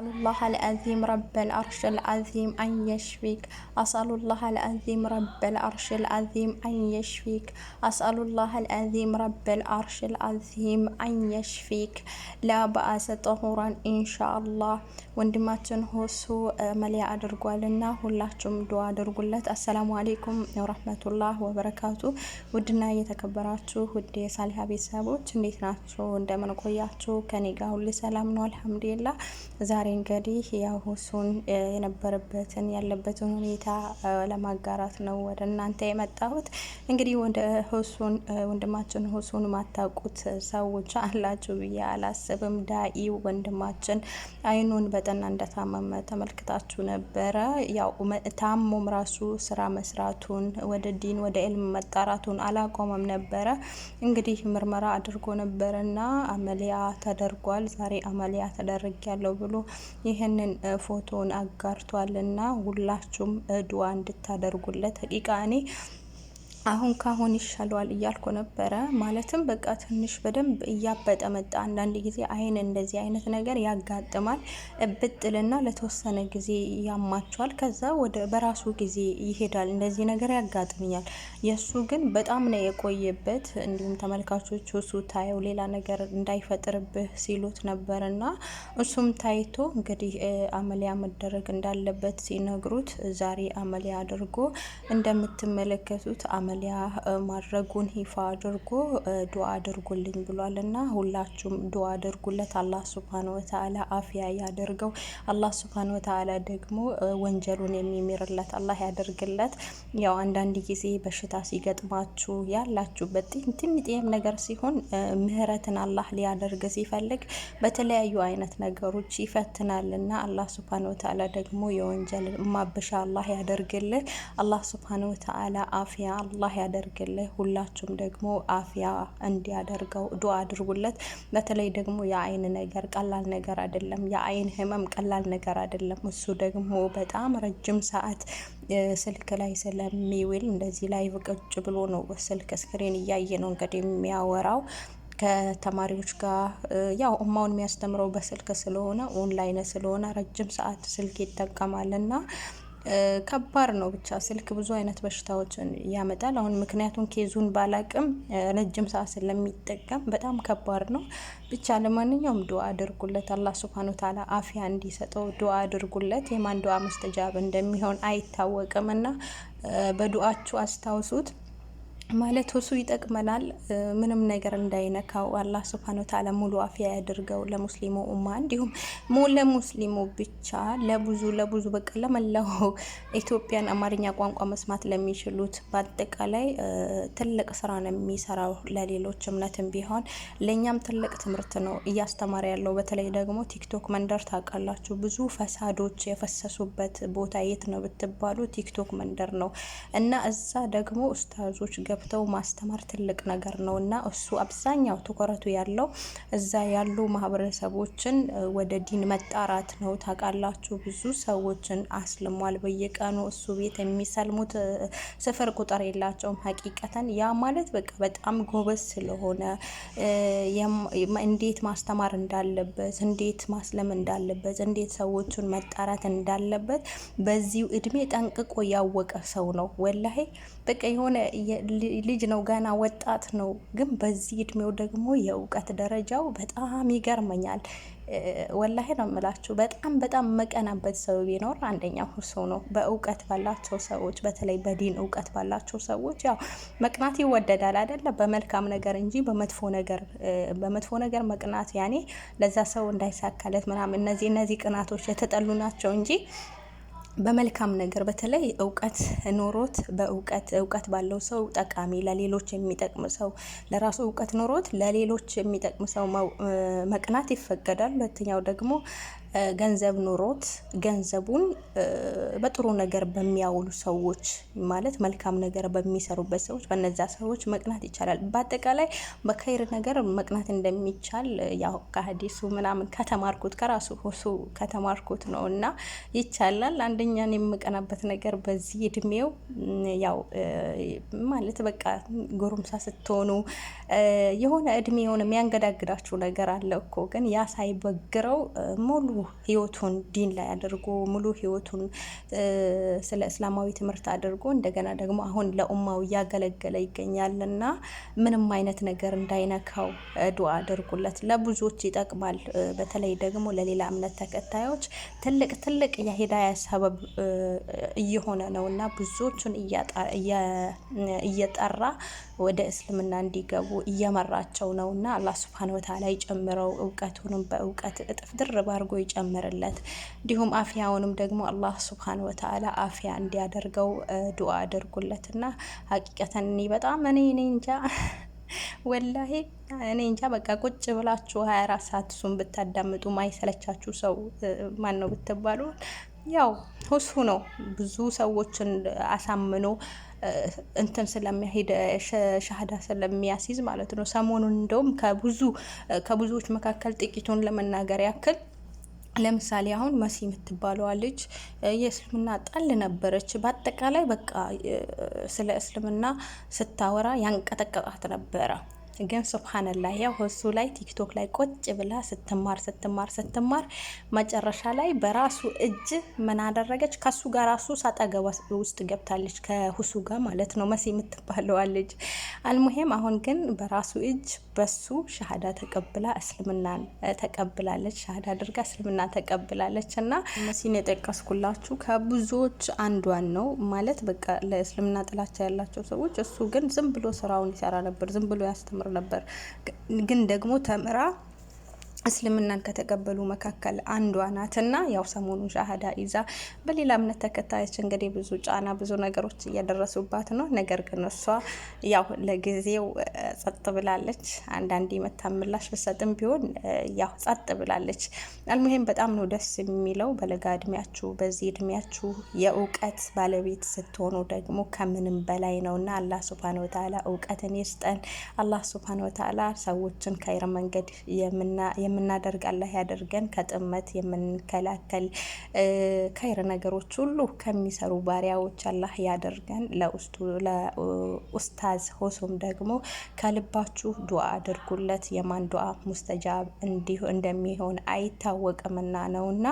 አሳሉላህ አልአዚም ረበል አርሽል አዚም አንየሽፊክ አሳሉላህ አልአዚም ረበል አርሽል አዚም አንየሽፊክ አሳሉላህ አልአዚም ረበል አርሽል አዚም አንየሽፊክ ለበአሰ ጠሁራን ኢንሻአላህ። ወንድማችን ሆሱ መለያ አድርጓልና ሁላችሁም ዱዓ አድርጉለት። አሰላሙ አሌይኩም ወረህመቱላህ ወበረካቱ። ውድና የተከበራችሁ ውድ የሳሊሃ ቤተሰቦች እንዴት ናችሁ? እንደምን ቆያችሁ? ከኔ ጋር ሁሌ ሰላም ነው አልሐምዱሊላህ ዛሬ እንግዲህ ሁሱን የነበረበትን ያለበትን ሁኔታ ለማጋራት ነው ወደ እናንተ የመጣሁት። እንግዲህ ወደ ሁሱን ወንድማችን ሁሱን ማታውቁት ሰዎች አላችሁ ብዬ አላስብም። ዳኢ ወንድማችን አይኑን በጠና እንደታመመ ተመልክታችሁ ነበረ። ያው ታሞም ራሱ ስራ መስራቱን ወደ ዲን ወደ ኤልም መጣራቱን አላቆመም ነበረ። እንግዲህ ምርመራ አድርጎ ነበረና አመሊያ ተደርጓል። ዛሬ አመሊያ ተደርግ ያለው ብሎ ይህንን ፎቶን አጋርቷልና ሁላችሁም እድዋ እንድታደርጉለት ሀቂቃ እኔ አሁን ካሁን ይሻለዋል እያልኩ ነበረ። ማለትም በቃ ትንሽ በደንብ እያበጠ መጣ። አንዳንድ ጊዜ አይን እንደዚህ አይነት ነገር ያጋጥማል። ብጥልና ለተወሰነ ጊዜ ያማቸዋል። ከዛ ወደ በራሱ ጊዜ ይሄዳል። እንደዚህ ነገር ያጋጥምኛል። የእሱ ግን በጣም ነው የቆየበት። እንዲሁም ተመልካቾች እሱ ታየው ሌላ ነገር እንዳይፈጥርብህ ሲሉት ነበር እና እሱም ታይቶ እንግዲህ አመሊያ መደረግ እንዳለበት ሲነግሩት ዛሬ አመሊያ አድርጎ እንደምትመለከቱት አመሊያ ማድረጉን ይፋ አድርጎ ዱዓ አድርጉልኝ ብሏል እና ሁላችሁም ዱዓ አድርጉለት። አላህ ስብሃነ ወተዓላ አፍያ ያደርገው። አላህ ስብሃነ ወተዓላ ደግሞ ወንጀሉን የሚምርለት አላህ ያደርግለት። ያው አንዳንድ ጊዜ በሽታ ሲገጥማችሁ ያላችሁበት ትምጤም ነገር ሲሆን ምህረትን አላህ ሊያደርግ ሲፈልግ በተለያዩ አይነት ነገሮች ይፈትናል እና አላህ ስብሃነ ወተዓላ ደግሞ የወንጀል ማበሻ አላህ ያደርግልህ። አላህ ስብሃነ ወተዓላ አፍያ አላህ ያደርግልህ። ሁላችሁም ደግሞ አፍያ እንዲያደርገው ዱአ አድርጉለት። በተለይ ደግሞ የአይን ነገር ቀላል ነገር አይደለም። የአይን ህመም ቀላል ነገር አይደለም። እሱ ደግሞ በጣም ረጅም ሰዓት ስልክ ላይ ስለሚውል እንደዚህ ላይ ቁጭ ብሎ ነው ስልክ ስክሪን እያየ ነው እንግዲህ የሚያወራው ከተማሪዎች ጋር ያው እማውን የሚያስተምረው በስልክ ስለሆነ ኦንላይን ስለሆነ ረጅም ሰዓት ስልክ ይጠቀማልና ከባድ ነው። ብቻ ስልክ ብዙ አይነት በሽታዎችን ያመጣል። አሁን ምክንያቱም ኬዙን ባላቅም ረጅም ሰዓት ስለሚጠቀም በጣም ከባድ ነው። ብቻ ለማንኛውም ዱ አድርጉለት፣ አላህ ሱብሃነሁ ወተዓላ አፊያ እንዲሰጠው ዱ አድርጉለት። የማን ዱዓ መስተጃብ እንደሚሆን አይታወቅም እና በዱአችሁ አስታውሱት። ማለት እሱ ይጠቅመናል። ምንም ነገር እንዳይነካው አላህ ስብሐነሁ ወተዓላ ሙሉ አፍያ ያድርገው ለሙስሊሙ ኡማ፣ እንዲሁም ለሙስሊሙ ብቻ ለብዙ ለብዙ በቃ ለመላው ኢትዮጵያን አማርኛ ቋንቋ መስማት ለሚችሉት በአጠቃላይ ትልቅ ስራ ነው የሚሰራው። ለሌሎች እምነትም ቢሆን ለእኛም ትልቅ ትምህርት ነው እያስተማረ ያለው። በተለይ ደግሞ ቲክቶክ መንደር ታውቃላችሁ፣ ብዙ ፈሳዶች የፈሰሱበት ቦታ የት ነው ብትባሉ ቲክቶክ መንደር ነው እና እዛ ደግሞ ኡስታዞች ገ ገብተው ማስተማር ትልቅ ነገር ነው እና እሱ አብዛኛው ትኩረቱ ያለው እዛ ያሉ ማህበረሰቦችን ወደ ዲን መጣራት ነው። ታውቃላችሁ ብዙ ሰዎችን አስልሟል በየቀኑ እሱ ቤት የሚሰልሙት ስፍር ቁጥር የላቸውም። ሀቂቀተን ያ ማለት በቃ በጣም ጎበዝ ስለሆነ እንዴት ማስተማር እንዳለበት፣ እንዴት ማስለም እንዳለበት፣ እንዴት ሰዎቹን መጣራት እንዳለበት በዚሁ እድሜ ጠንቅቆ ያወቀ ሰው ነው። ወላሄ በቃ የሆነ ልጅ ነው፣ ገና ወጣት ነው። ግን በዚህ እድሜው ደግሞ የእውቀት ደረጃው በጣም ይገርመኛል። ወላሄ ነው የምላችሁ። በጣም በጣም መቀናበት ሰው ቢኖር አንደኛ ሰው ነው። በእውቀት ባላቸው ሰዎች፣ በተለይ በዲን እውቀት ባላቸው ሰዎች ያው መቅናት ይወደዳል አይደለም? በመልካም ነገር እንጂ በመጥፎ ነገር በመጥፎ ነገር መቅናት ያኔ ለዛ ሰው እንዳይሳካለት ምናምን እነዚህ እነዚህ ቅናቶች የተጠሉ ናቸው እንጂ በመልካም ነገር በተለይ እውቀት ኖሮት በእውቀት እውቀት ባለው ሰው ጠቃሚ ለሌሎች የሚጠቅም ሰው ለራሱ እውቀት ኖሮት ለሌሎች የሚጠቅም ሰው መቅናት ይፈቀዳል። ሁለተኛው ደግሞ ገንዘብ ኖሮት ገንዘቡን በጥሩ ነገር በሚያውሉ ሰዎች ማለት መልካም ነገር በሚሰሩበት ሰዎች በነዛ ሰዎች መቅናት ይቻላል። በአጠቃላይ በከይር ነገር መቅናት እንደሚቻል ያው ከሀዲሱ ምናምን ከተማርኩት ከራሱ ሆሱ ከተማርኩት ነው እና ይቻላል። አንደኛን የምቀናበት ነገር በዚህ እድሜው ያው ማለት በቃ ጎረምሳ ስትሆኑ የሆነ እድሜ የሆነ የሚያንገዳግዳችሁ ነገር አለ እኮ ግን ያ ሳይበግረው ሙሉ ህይወቱን ዲን ላይ አድርጎ ሙሉ ህይወቱን ስለ እስላማዊ ትምህርት አድርጎ እንደገና ደግሞ አሁን ለኡማው እያገለገለ ይገኛል እና ምንም አይነት ነገር እንዳይነካው ዱዓ አድርጉለት። ለብዙዎች ይጠቅማል። በተለይ ደግሞ ለሌላ እምነት ተከታዮች ትልቅ ትልቅ የሂዳያ ሰበብ እየሆነ ነው እና ብዙዎቹን እየጠራ ወደ እስልምና እንዲገቡ እየመራቸው ነው እና አላህ ሱብሃነሁ ወተዓላ ይጨምረው እውቀቱንም በእውቀት እጥፍ ድርብ አድርጎ ጨምርለት እንዲሁም አፍያውንም ደግሞ አላህ ስብሓን ወተዓላ አፍያ እንዲያደርገው ዱአ አድርጉለት እና ሀቂቀተን እኔ በጣም እኔ እኔ እንጃ ወላሂ እኔ እንጃ በቃ ቁጭ ብላችሁ ሀያ አራት ሰዓት እሱን ብታዳምጡ ማይሰለቻችሁ ሰው ማን ነው ብትባሉ ያው ሁሱ ነው። ብዙ ሰዎችን አሳምኖ እንትን ስለሚያሄድ ሻህዳ ስለሚያስይዝ ማለት ነው። ሰሞኑን እንደውም ከብዙ ከብዙዎች መካከል ጥቂቱን ለመናገር ያክል ለምሳሌ አሁን መሲ የምትባለዋ ልጅ የእስልምና ጣል ነበረች። በአጠቃላይ በቃ ስለ እስልምና ስታወራ ያንቀጠቀጣት ነበረ። ግን ሱብሃነላህ ያው እሱ ላይ ቲክቶክ ላይ ቁጭ ብላ ስትማር ስትማር ስትማር መጨረሻ ላይ በራሱ እጅ ምን አደረገች? ከሱ ጋር ራሱ ሳጠገባ ውስጥ ገብታለች። ከሁሱ ጋር ማለት ነው መሲ የምትባለዋ ልጅ። አልሙሄም አሁን ግን በራሱ እጅ በሱ ሻሃዳ ተቀብላ እስልምና ተቀብላለች። ሻሃዳ አድርጋ እስልምና ተቀብላለች። እና መሲን የጠቀስኩላችሁ ከብዙዎች አንዷን ነው ማለት በቃ ለእስልምና ጥላቻ ያላቸው ሰዎች። እሱ ግን ዝም ብሎ ስራውን ይሰራ ነበር፣ ዝም ብሎ ያስተ ጀምር ነበር። ግን ደግሞ ተምራ እስልምናን ከተቀበሉ መካከል አንዷ ናት ናትና ያው ሰሞኑን ሻሃዳ ይዛ በሌላ እምነት ተከታዮች እንግዲህ ብዙ ጫና ብዙ ነገሮች እያደረሱባት ነው። ነገር ግን እሷ ያው ለጊዜው ጸጥ ብላለች። አንዳንድ የመታ ምላሽ ብሰጥም ቢሆን ያው ጸጥ ብላለች። አልሙሄም በጣም ነው ደስ የሚለው በለጋ እድሜያችሁ በዚህ እድሜያችሁ የእውቀት ባለቤት ስትሆኑ ደግሞ ከምንም በላይ ነው ነውና አላህ ሱብሃነሁ ወተዓላ እውቀትን ይስጠን። አላህ ሱብሃነሁ ወተዓላ ሰዎችን ከይረ መንገድ የምና የምናደርግ አላህ ያደርገን። ከጥመት የምንከላከል ከይር ነገሮች ሁሉ ከሚሰሩ ባሪያዎች አላህ ያደርገን። ለውስቱ ለኡስታዝ ሆሶም ደግሞ ከልባችሁ ዱዓ አድርጉለት። የማን ዱዓ ሙስተጃብ እንዲሁ እንደሚሆን አይታወቅምና ነውና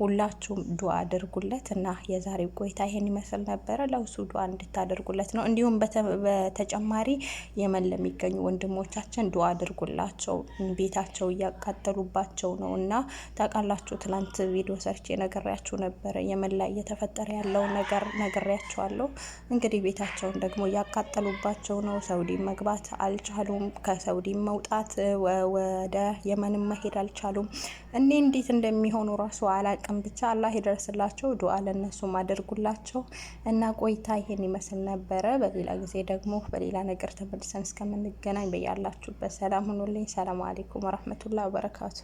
ሁላችሁም ዱዓ አድርጉለት እና የዛሬው ቆይታ ይሄን ይመስል ነበረ። ለውሱ ዱዓ እንድታደርጉለት ነው። እንዲሁም በተጨማሪ የመን ለሚገኙ ወንድሞቻችን ዱዓ አድርጉላቸው ቤታቸው እያቃ እየተከታተሉባቸው ነው እና ታውቃላችሁ፣ ትናንት ቪዲዮ ሰርቼ ነግሬያችሁ ነበረ። የመን ላይ እየተፈጠረ ያለው ነገር ነገሪያችኋለሁ። እንግዲህ ቤታቸውን ደግሞ እያቃጠሉባቸው ነው። ሰውዲ መግባት አልቻሉም። ከሰውዲ መውጣት ወደ የመንም መሄድ አልቻሉም። እኔ እንዴት እንደሚሆኑ ራሱ አላቅም። ብቻ አላህ ይደርስላቸው፣ ዱአ ለእነሱም አድርጉላቸው እና ቆይታ ይሄን ይመስል ነበረ። በሌላ ጊዜ ደግሞ በሌላ ነገር ተመልሰን እስከምንገናኝ በያላችሁበት ሰላም ሁኑልኝ። ሰላም አሌይኩም ወረህመቱላህ রাখা আছে